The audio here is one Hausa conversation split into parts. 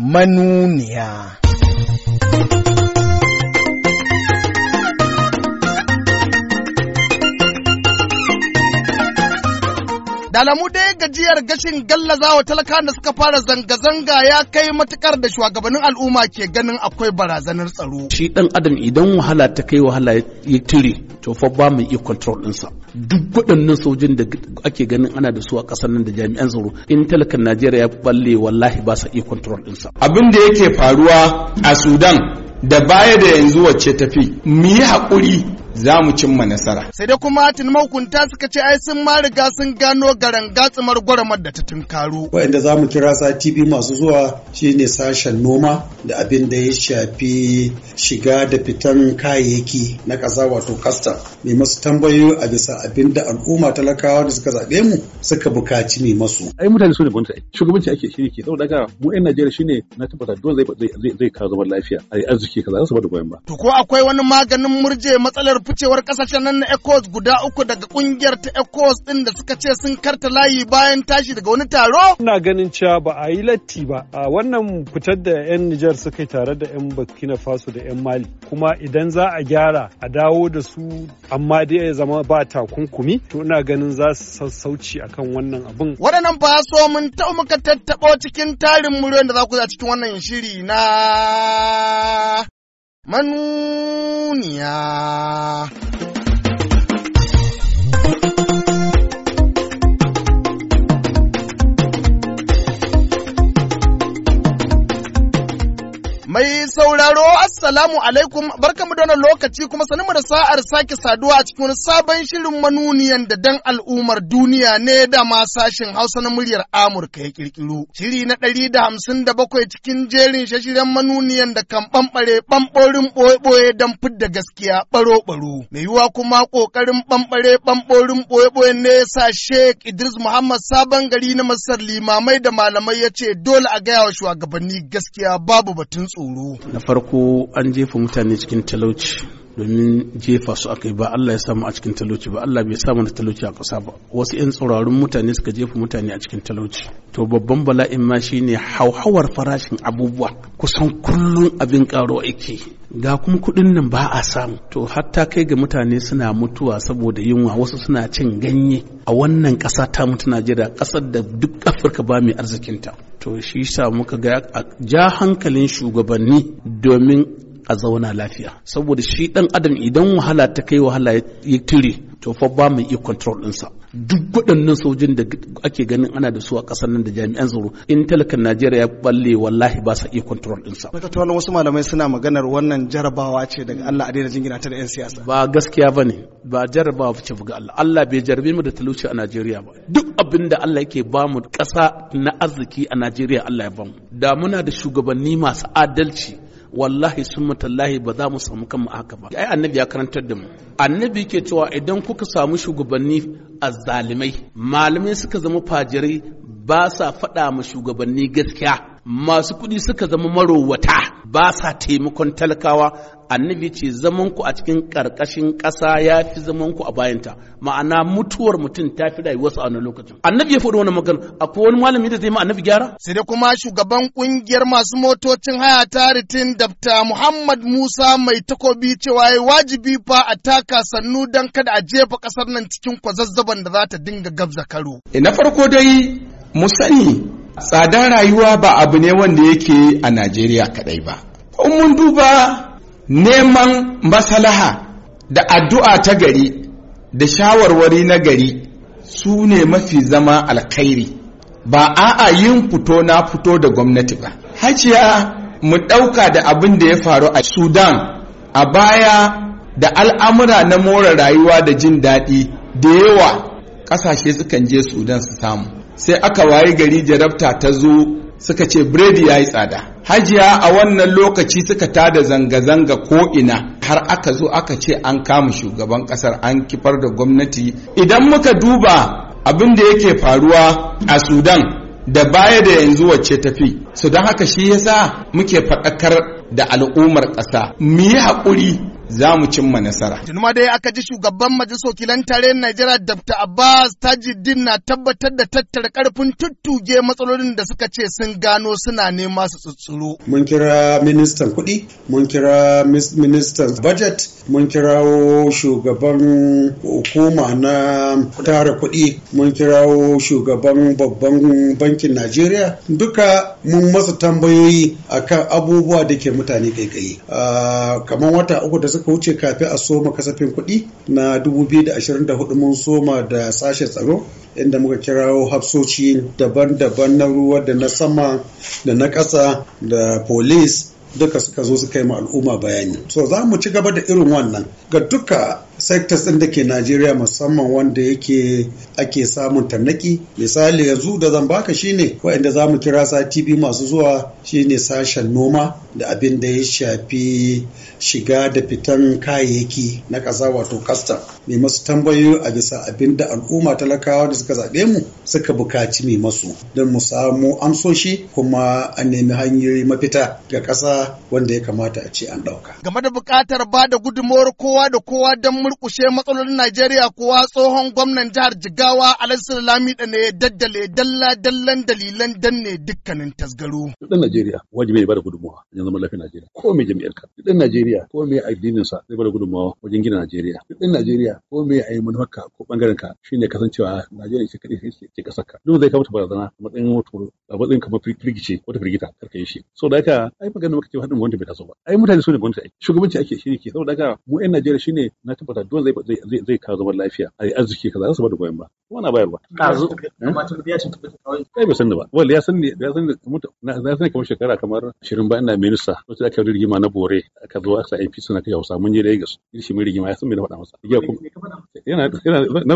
manuniya. Da alamu dai gajiyar gashin gallazawa talaka da suka fara zanga-zanga ya kai matukar da shugabannin al'umma ke ganin akwai barazanar tsaro. Shi ɗan adam idan wahala ta kai wahala ya tire to fa ba mu iya control ɗinsa. Duk waɗannan sojin da ake ganin ana da su a ƙasar nan da jami'an tsaro in talakan Najeriya ya balle wallahi ba sa iya control ɗinsa. Abin da yake faruwa a Sudan da baya da yanzu wacce tafi mu yi haƙuri za mu cimma nasara. Sai dai kuma tuni mahukunta suka ce ai sun ma riga sun gano garan gatsumar gwaramar da ta tunkaro. Wa'inda za mu kira sati biyu masu zuwa shine sashen noma da abin da ya shafi shiga da fitan kayayyaki na ƙasa wato kasta. Mai masu tambayoyi a bisa abin da al'umma talakawa da suka zaɓe mu suka buƙaci mai masu. Ai mutane su ne gwamnati shugabanci ake shi ke saboda ga mu 'yan Najeriya shine na tabbata dole zai kawo zaman lafiya a arziki kaza za su bada goyon ba. To ko akwai wani maganin murje matsalar sanarwar ficewar kasashen nan na ECOWAS guda uku daga kungiyar ta ECOWAS din da suka ce sun karta layi bayan tashi daga wani taro? Ina ganin cewa ba a yi latti ba. A wannan fitar da 'yan Nijar suka tare da 'yan Burkina Faso da 'yan Mali. Kuma idan za a gyara a dawo da su amma dai ya zama ba takunkumi to ina ganin za su sassauci akan wannan abin. Waɗannan ba so mun taɓa muka tattaɓo cikin tarin muryoyin da za ku za cikin wannan shiri na manu 你呀。Mai sauraro Assalamu alaikum barkamu da wannan lokaci kuma sanmu da sa'ar sake saduwa a cikin sabon shirin manuniyan da dan al'ummar duniya ne da ma sashen Hausa na muryar Amurka ya kirkiro. Shiri na ɗari da hamsin da bakwai cikin jerin shashiren manuniyan da kan ɓamɓare ɓamɓorin ɓoye-ɓoye don fidda gaskiya ɓaro-ɓaro. Mai yiwuwa kuma ƙoƙarin ɓamɓare ɓamɓorin ɓoye-ɓoye ne ya sa Sheikh Idris Muhammad sabon gari na Masar limamai da malamai ya ce dole a gaya wa shugabanni gaskiya babu batun tsoro. horo na farko an jefa mutane cikin talauci domin jefa su aka ba Allah ya samu a cikin talauci ba Allah bai samu da talauci a ƙasa ba wasu 'yan tsaurarun mutane suka jefa mutane a cikin talauci to babban bala'in ma shine hauhawar farashin abubuwa kusan kullum abin karo ake ga kuma kuɗin nan ba a samu to hatta kai ga mutane suna mutuwa saboda yunwa wasu suna cin ganye a wannan ƙasa ta mutu Najeriya kasar da duk Afirka ba mai arzikinta to shi sa muka ga ja hankalin shugabanni domin a zauna lafiya saboda shi ɗan adam idan wahala ta kai wahala ya tire to fa ba mu iya control ɗinsa duk waɗannan sojin da ake ganin ana da su a ƙasar nan da jami'an tsaro in talakan Najeriya ya balle wallahi ba sa iya control ɗinsa. Daga tuwalin wasu malamai suna maganar wannan jarabawa ce daga Allah a daina jingina ta da 'yan siyasa. Ba gaskiya ba ne ba jarabawa ce ga Allah Allah bai jarabe mu da talauci a Najeriya ba duk abin da Allah yake ba mu ƙasa na arziki a Najeriya Allah ya ba mu da muna da shugabanni masu adalci wallahi sun tallahi ba za mu samu kanmu haka ba ai annabi ya karantar da mu annabi ke cewa idan kuka samu shugabanni azzalimai malamai suka zama fajirai ba sa faɗa ma shugabanni gaskiya masu kuɗi suka zama marowata ba sa taimakon talakawa annabi ce zamanku a cikin ƙarƙashin ƙasa ya fi zamanku a bayanta ma'ana mutuwar mutum ta fi rayuwarsa a wani lokacin annabi ya faɗi wani magana akwai wani malami da zai ma annabi gyara sai dai kuma shugaban ƙungiyar masu motocin haya ta ritin dafta muhammad musa mai takobi cewa ya wajibi fa a taka sannu don kada a jefa ƙasar nan cikin kwazazzaban da za ta dinga gabza karo eh, na farko dai mu sani tsadar rayuwa ba abu ne wanda yake a najeriya kadai ba in mun duba neman masalaha da addu'a ta gari da shawarwari na gari su ne mafi zama alkhairi ba a'a yin fito na fito da gwamnati ba hajiya mu ɗauka da abin da ya faru a sudan a baya da al'amura na more rayuwa da jin daɗi da yawa ƙasashe sukan je sudan su samu sai aka wayi gari jarabta ta zo suka ce biredi ya yi tsada hajiya a wannan lokaci suka tada zanga-zanga ko'ina har aka zo aka ce an kama shugaban kasar an kifar da gwamnati idan muka duba abin da yake faruwa a sudan da baya da yanzu wacce tafi su don haka shi yasa muke faɗakar da al'ummar ƙasa mu yi haƙuri za mu cimma nasara. Tunuma dai aka ji shugaban majalisar wakilan tarayyar Najeriya Dr. Abbas Tajuddin na tabbatar da tattara karfin tuttuge matsalolin da suka ce sun gano suna nema su tsutsuro. Mun kira ministan kuɗi, mun kira ministan budget, mun kirawo shugaban hukuma na tara kuɗi, mun kirawo shugaban babban bankin Najeriya. Duka mun masa tambayoyi akan abubuwa da ke mutane kaikayi. Ah, kamar wata uku da suka suka wuce kafin a soma kasafin kuɗi na 2024 mun soma da sashen tsaro inda muka kirawo hafsoci daban-daban na ruwa da na sama da na ƙasa da police duka suka zo suka yi ma al'umma bayani so za mu ci gaba da irin wannan ga duka sectors ɗin da ke najeriya musamman wanda yake ake samun tarnaki misali yanzu da zan baka shine waɗanda za mu kira sati biyu masu zuwa shine sashen noma da abin da ya shafi shiga da fitan kayayyaki na ƙasa wato kasta mai masu tambayoyi a bisa abin da al'umma talakawa da suka zaɓe mu suka bukaci mai masu don mu samu amsoshi kuma a nemi hanyoyi mafita ga ƙasa wanda ya kamata a ce an ɗauka. Game da buƙatar ba da gudunmawar kowa da kowa don murƙushe matsalolin Najeriya kowa tsohon gwamnan jihar Jigawa Alhassan Lamida ne ya daddale dalla dallan dalilan danne dukkanin tasgaro. Najeriya wajibi ne ba da gudunmawa. na zaman lafiyar Najeriya ko mai jami'ar ka duk Najeriya ko mai addinin sa zai bada gudunmawa wajen gina Najeriya duk Najeriya ko mai manufar ka ko bangaren ka shine kasancewa Najeriya ce kadai ce kasar ka duk zai kawo ta barazana a matsayin wato a matsayin kamar firgice ko ta firgita karka yi shi so da haka ai magana maka cewa haɗin gwamnati bai taso ba ai mutane su ne gwamnati ake shugabanci ake shi ne ke saboda haka mu ƴan Najeriya shine na tabbata duk zai zai zai kawo zaman lafiya ai arziki kaza za su bada goyon ba kuma na bayarwa kazo eh? amma tun da shi tabbata kawai kai ba san ba wallahi ya san ne ya san ne kamar shekara kamar 20 ba ina mai minista wacce aka yi rigima na bore aka zo aka IP suna kai Hausa mun je Lagos shi mai rigima ya san me na faɗa masa yana yana na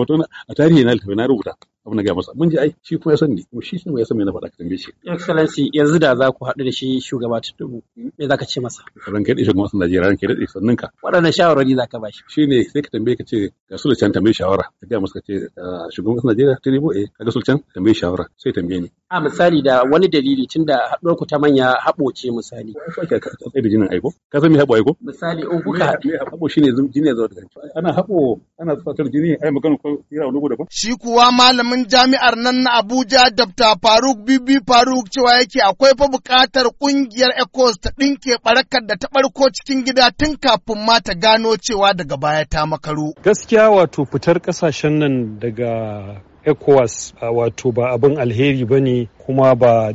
wato a tarihi na na rubuta abin da ga masa mun ji ai shi kuma ya san ni kuma shi kuma ya san me na faɗa ka tambaye shi excellency yanzu da za ku haɗu da shi shugaba dubu me za ka ce masa ran kai shugaban sun Najeriya ran kai shi sannan ka waɗannan shawarwari za ka bashi shine sai ka tambaye ka ce ga sulcan can tambaye shawara ka ga masa ka ce ah, shugaban sun Najeriya Tinubu eh ga sulcan can tambaye shawara sai tambaye ni a misali da wani dalili tunda haɗuwar ku ta manya haɓo ce misali kai da jinin aiko ka san me haɓo aiko misali in kuka haɓo shine jini ya zo daga ana haɓo ana fatar jini ai magana ko tira wani ba shi kuwa malamin malamin jami'ar nan na Abuja Dr. Faruk Bibi Faruk cewa yake akwai fa buƙatar ƙungiyar ECOWAS ta ɗinke barakar da ta ɓarko cikin gida tun kafin ma ta gano cewa daga baya ta makaru. Gaskiya wato fitar kasashen nan daga ecowas wato ba abin alheri ba ne kuma ba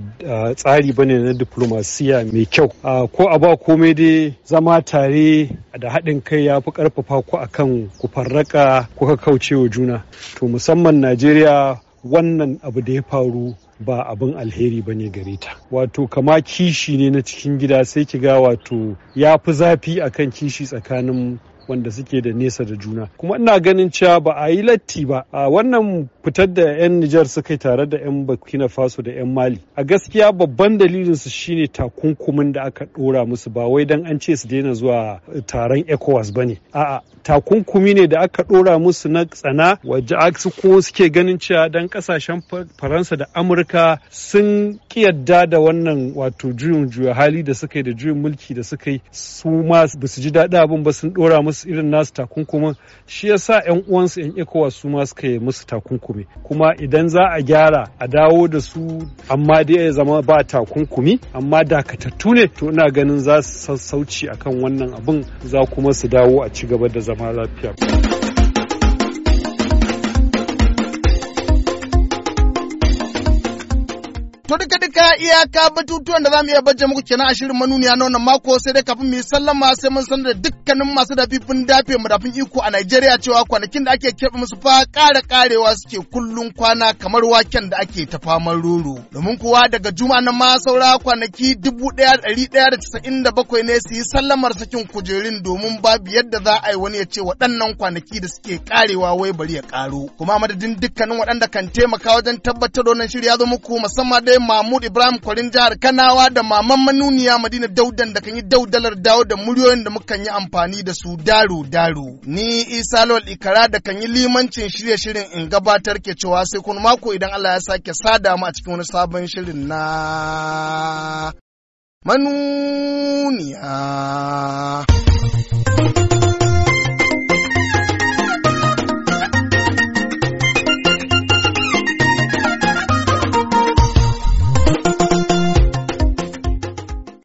tsari ba ne na diplomasiya mai kyau ko a ba komai dai zama tare da haɗin kai ya fi ƙarfafa ku kan ku farraka kuka kaucewa juna to musamman najeriya wannan abu da ya faru ba abin alheri ba ne gare ta wato kama kishi ne na cikin gida sai ki ga wato ya fi zafi akan kishi tsakanin wanda suke da nesa da juna kuma ina ganin cewa ba a yi latti ba a wannan fitar da 'yan Nijar suka yi tare da 'yan Burkina Faso da 'yan Mali a gaskiya babban dalilin su shine takunkumin da aka dora musu ba wai dan an ce su daina zuwa taron ECOWAS bane a'a takunkumi ne da aka dora musu na tsana waje ko suke ganin cewa dan kasashen Faransa da Amurka sun ki yadda da wannan wato juyin juya hali da suka yi da juyin mulki da suka yi su ma ba su ji daɗi abin ba sun ɗora musu irin nasu takunkumi shi ya sa yan uwansu yan ikowa su ma suka yi musu takunkumi kuma idan za a gyara a dawo da su amma dai ya zama ba takunkumi amma dakatattu ne to ina ganin za su sassauci akan wannan abin za kuma su dawo a ci gaba da zama lafiya. iyaka batutuwan da za mu iya bajja muku kenan a shirin manuniya na wannan mako sai dai kafin mu yi sallama sai mun sanar da dukkanin masu dafifin dafe mu dafin iko a Najeriya cewa kwanakin da ake keɓe musu fa ƙara ƙarewa suke kullun kwana kamar waken da ake ta faman roro. Domin kuwa daga juma na ma saura kwanaki dubu ɗaya ɗari ɗaya da casa'in da bakwai ne su yi sallamar sakin kujerun domin babu yadda za a yi wani ya ce waɗannan kwanaki da suke ƙarewa wai bari ya ƙaro. Kuma madadin dukkanin waɗanda kan taimaka wajen tabbatar da wannan shirya zo muku musamman dai Mahmud Ibrahim Ibrahim Kwarin jihar Kanawa da maman manuniya Madina Daudan da kan yi daudalar dawo da muryoyin da mukan yi amfani da su daro daro. Ni Isa Lawal Ikara da kan yi limancin shirye shirin in gabatar ke cewa sai kun mako idan Allah ya sake sada mu a cikin wani sabon shirin na manuniya.